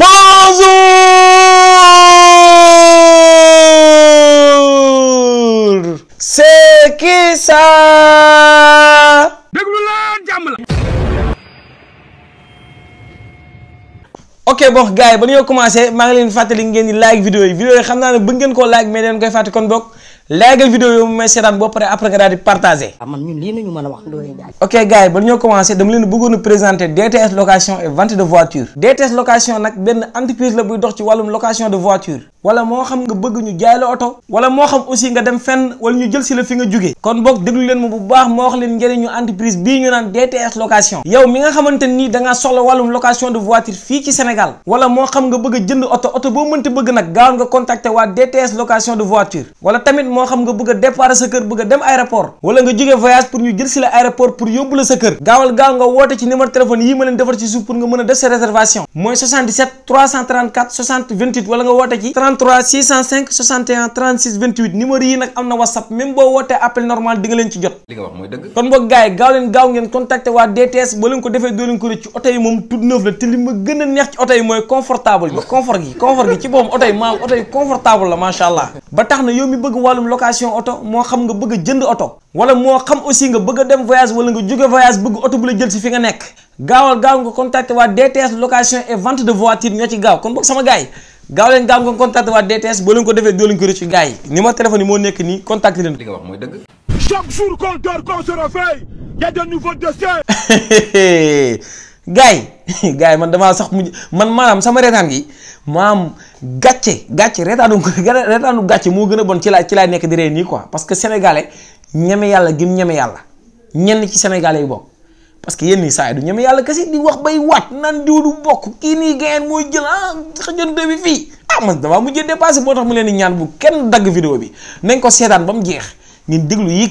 Why? ok bon gars ba ñoo commencé maa ngi leen fàttali ngeen di like vidéo yi vidéo yi xam naa ne ba ngeen koo like mais leen koy fàtte kon boog likeal vidéo yi mu may seetaan boo paree après nga daal di partagé. Ah, mën a wax Ndoye Ndiaye. ok gars ba ñoo commencé dama leen bëggoon a présenter DTS location et vente de voiture. DTS location nag benn entreprise la buy dox ci wàllum location de voiture. wala mo xam nga bëgg ñu jaay la oto wala mo xam aussi nga dem fenn wala ñu jël si la fi nga jugee kon bok deglu leen ma bu baax mo wax leen ñu entreprise bi ñu naan DTS location yow mi nga xamanteni ni da nga soxla walum location de voiture fi ci Sénégal wala mo xam nga bëgg a jënd auto oto boo mënti bëgg nak gaaw nga contacter wa DTS location de voiture wala tamit mo xam nga bëgg départ sa kër bëgg dem aéroport wala nga jógee voyage pour ñu jël si la aéroport pour yobbu la sa kër gaawal gaaw nga woote ci numéro téléphone yi ma leen defar ci suuf pour nga mëna a def sa réservation moy 77 334 60 28 wala nga woote ci 33 605 61 36 28 numéro yi nag am na whatsapp même boo wootee appel normal di leen ci jot. kon mbokk gars gaaw ngeen contacter waa DTS boo leen ko defee doo leen ko rëcc oto yi moom tout neuf la te li ma gën a neex ci oto yi mooy confortable bi confort gi ci boobu oto yi maam oto yi confortable la macha allah. ba tax na yow mi bëgg wàllum location oto moo xam nga bëgg a jënd oto. wala moo xam aussi nga bëgg dem voyage gaaw leen gaaw nga contacté waa DTS boo leen ko defee doo leen ko rëccu gars yi numéro téléphone yi a de nouveaux dossiers. gars yi gars yi man damaa sax mujj man maanaam sama reetaan gi maam gàcce gàcce reetaanu reetaanu gàcce moo gën a bon ci laa ci laay nekk di ree nii quoi parce que sénégalais ñeme yàlla gim ñeme yàlla ñenn ci sénégalais yi bokk. parce que yenn saa du ñeme yalla kessi di wax bay wat nan diw du bokk kii nii gayeen mooy jël ah xëjante bi fi ah man dama mujjé dépasser motax mu leen di ñaan bu kenn dag vidéo bi nañ ko sétane bam mu jeex ngeen déglu yi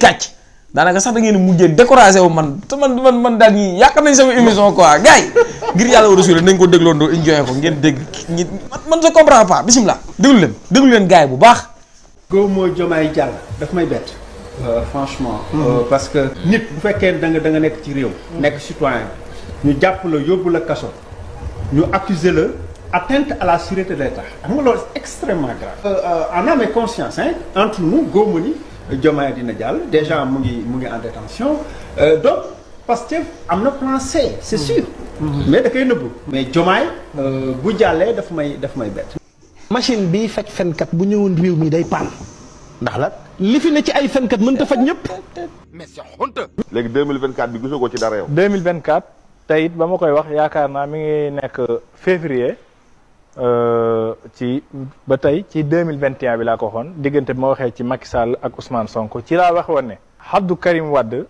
da naka sax da ngeen mujjé découragé wu man te man man man dal ñi yak kan nañ sama émission quoi gay ngir yàlla war nañ ko ah, ndo enjoy ko ngeen dégg man je comprends pas bismillah déglu leen déglu leen gay bu baax. go mo jomay jall daf may bett. Euh, franchement. Euh, parce que nit bu fekkee da nga da nga nekk ci réew. nek citoyen ñu japp le yobul la kasso ñu accuser le atteinte à la sûreté de l'État xam nga extrêmement grave. Euh, en âme et conscience hein entre nous góob ni dina dial déjà mu ngi mu ngi en détention donc parce am na plan C c'est sûr. mais da koy nëbbu. mais Diomaye bu jàllee daf may daf may bête machine bi fen kat bu ñewon rew mi day paan ndax la. li fi ne ci ay fenkat mënta faj ñëpp. mais c'est honte. 2024 bi gisoo ci dara yow. 2024 tey it koy wax yaakaar mi ngi nekk février euh, ci ba tey ci 2021 bi laa ko waxoon diggante bi ma ci Macky Sall ak Ousmane Sonko ci wax Abdou Karim Wade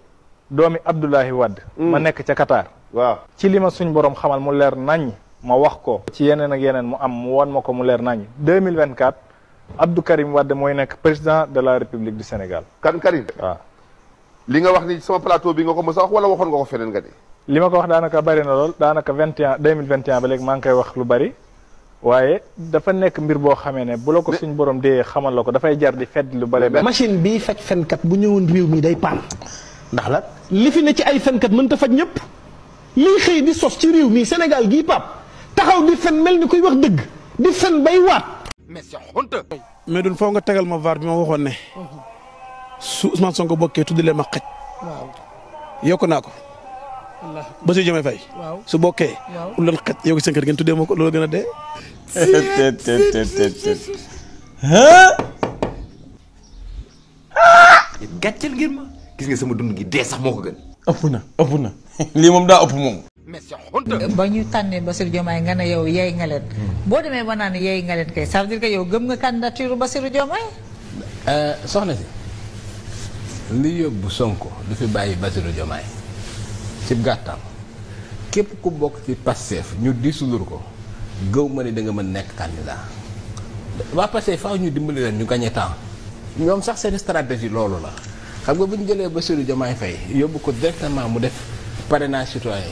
doomi Abdoulahi Wade. Mm. ma nekk ca Qatar. waaw ci li suñ borom xamal mu leer naññ. ma wax ko. ci yeneen ak yeneen mu am mu won 2024. Abdou Karim Wade mooy nekk président de la République du Sénégal. kan Karim waaw. Ah. li nga wax ni sama plateau bi nga ko mos a wax wala waxoon nga ko feneen nga de. li ma ko wax daanaka bari na lool daanaka vingt et un deux mille vingt et un ba léegi maa ngi koy wax lu bari. waaye dafa nekk mbir boo xamee ne bu la ko suñ boroom dee xamal la ko dafay jar di fedd lu bari. machine bi faj fenkat bu ñëwoon réew mi day paan ndax la li fi ne ci ay fenkat mën ta faj ñëpp. lii xëy di sos ci réew mi Sénégal gii pap taxaw di fen mel ni koy wax dëgg di fen bay waat. mais c'est honte. nga tegal ma vaar bi ma waxoon ne. su Ousmane Sonko bokkee tudd leen ma xaj. waaw naa ko. wallaahi ba si jëmee fay. waaw su bokkee. waaw ut leen xaj yow seen kër ngeen ma ko loolu gën a dee. gàcceel ngeen ma. gis nga sama dund gi dee sax moo ko gën. ëpp na ëpp na lii moom daa ëpp moom. mais c'est honteux. ba ñu tànnee Bassirou Diomaye nga ne yow yay nga leen. boo demee ba naan yey nga leen kay ça veut dire que yow gëm nga candidature Bassirou Diomaye. Euh, soxla si li yóbbu Sonko du fi bàyyi Bassirou Diomaye ci gàttam képp ku bokk ci Pastef ñu dissoudre ko gëw ma ne da nga mën nekk candidat waa Pastef faaw ñu dimbali leen ñu gagné temps ñoom sax seen stratégie loolu la xam nga bu ñu jëlee Bassirou Diomaye fay yóbbu ko directement mu def parrainage citoyen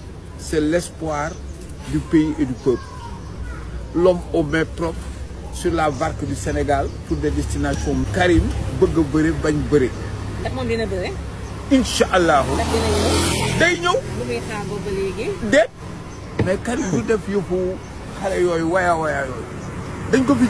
c'est l'espoir du pays et du peuple. L'homme au mains propres sur la barque du Sénégal pour des destinations Karim Bagn mais Karim du def vous avez vu, waya waya dañ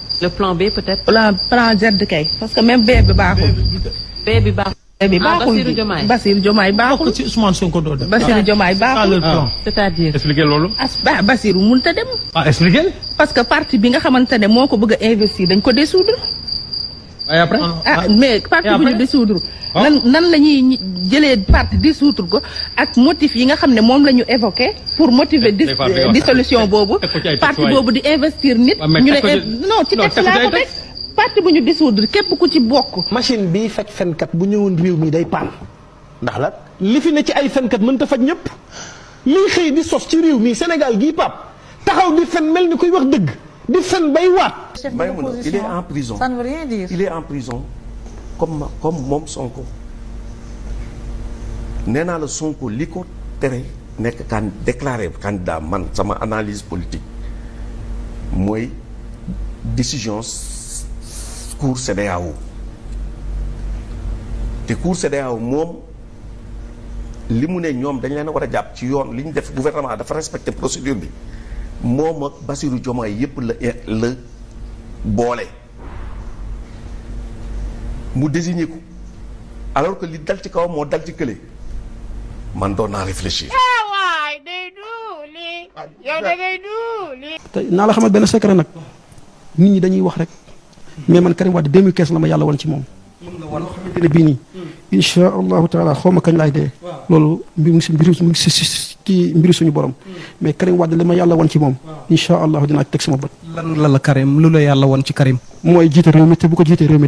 le plan B plan Z kay parce que même B bi baaxul. B baaxul. B bi ah, baaxul Bassirou Diomaye baaxul. bokk ci ah, baaxul ah, c'est-à-dire. expliquer dem. ah expliquer. parce que parti bi nga xamante ne moo ko bëgg a investir dañ ko dissoudre. et après ah, ah, ah. mais parti bu ñu dissoudre ah. nan nan la ñuy jëlee parti ko ak motif yi nga xam ne moom lañu ñu évoqué pour motiver dissolution boobu parti boobu di investir nit ñu ne eh, non ci texte laa ko teg parti bu ñu dissoudre képp ku ci bokk machine bi faj fenkat bu ñëwoon réew mi day paan ndax la li fi ne ci ay fenkat mënta faj ñëpp lii xëy di sos ci réew mi Sénégal gii pap taxaw di fen mel ni kuy wax dëgg di bay il est en prison ça ne veut rien dire. il est en prison comme comme Mom Sonko. nee naa Sonko l'Iko ko tere nekk kan déclaré candidat man m'a analyse politique Moi, décision cour CDAO. te cour CDAO, Mom, li mu ne ñoom dañ leen a war a jàpp ci yoon li def gouvernement dafa respecté procédure bi. moom ak Bassirou Diomaye yépp la e la boole mu désigné ko alors que li dal ci kaw moo dal ci kële man doon naa réfléchir. Eh waay day duuli. yow da ngay naa la xamal benn secret nag nit ñi dañuy wax rek mais man Karim Wade 2015 la ma yàlla woon ci moom. mën nga wan loo xamante ne bii nii. incha allahu taala xaw ma kañ lay dee. loolu mu ngi si si si. ci mbiru suñu borom mais Karim Wade li ma yàlla wan ci moom incha allah dinaa teg sama bët. lan la la Karim lu la yàlla wan ci Karim. mooy jiite réew mi te bu ko jiitee réew mi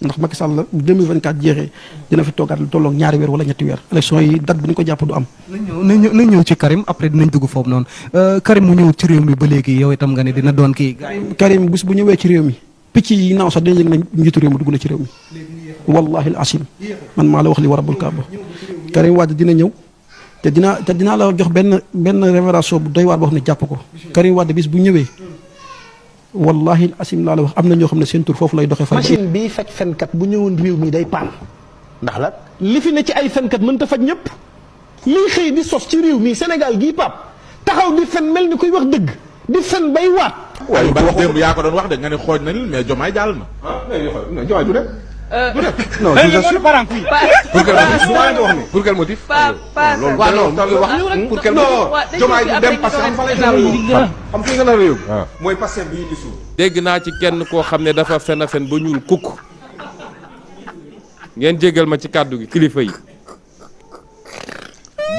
la 2024 jeexee dina fi toogaat lu tolloog ñaari weer wala ñetti weer élection yi date bu ñu ko jàpp du am. nañ ñëw nañ ñëw ci Karim après dinañ dugg foofu noonu euh, ba léegi yow itam nga ne dina doon kii. Karim bu ñëwee ci réew mi. picc yi naaw sax dañu yëg nañ njiitu réew mi dugg na ci réew mi wallahi al asim man maa la wax li wa rabbul kaaba Karim Wade dina ñëw te dinaa te dinaa la jox benn benn révélation bu doy waar boo xam ne jàpp ko Karim Wade bis bu ñëwee wallahi al asim laa la wax am na ñoo xam ne seen tur foofu lay doxee fa machine bii faj fenkat bu ñëwoon réew mi day paan ndax la li fi ne ci ay fenkat mën ta faj ñëpp lii xëy di sos ci réew mi Sénégal gii pap taxaw di fen mel ni kuy wax dëgg di fen bay waat waaye ba démb yaa ko doon wax de nga ne xooj nañu mais jomaay jàll na. ah mais jomaay du dem. Euh, du dem non je jomaay du dem parce que ah. mooy passé bi di suuf. dégg naa ci kenn koo xam ne dafa fen a fen ba ñuul kukk ngeen jégal ma ci kàddu gi kilifa yi.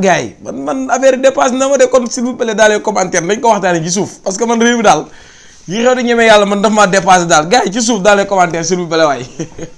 gars yi man man affaire dépasse na ma de commentaire dañ ko waxtaanee ci suuf parce man réew mi daal yi xew di ñemee yàlla man daf maa dépassé daal gars ci suuf daal commentaire s'il vous plaît waay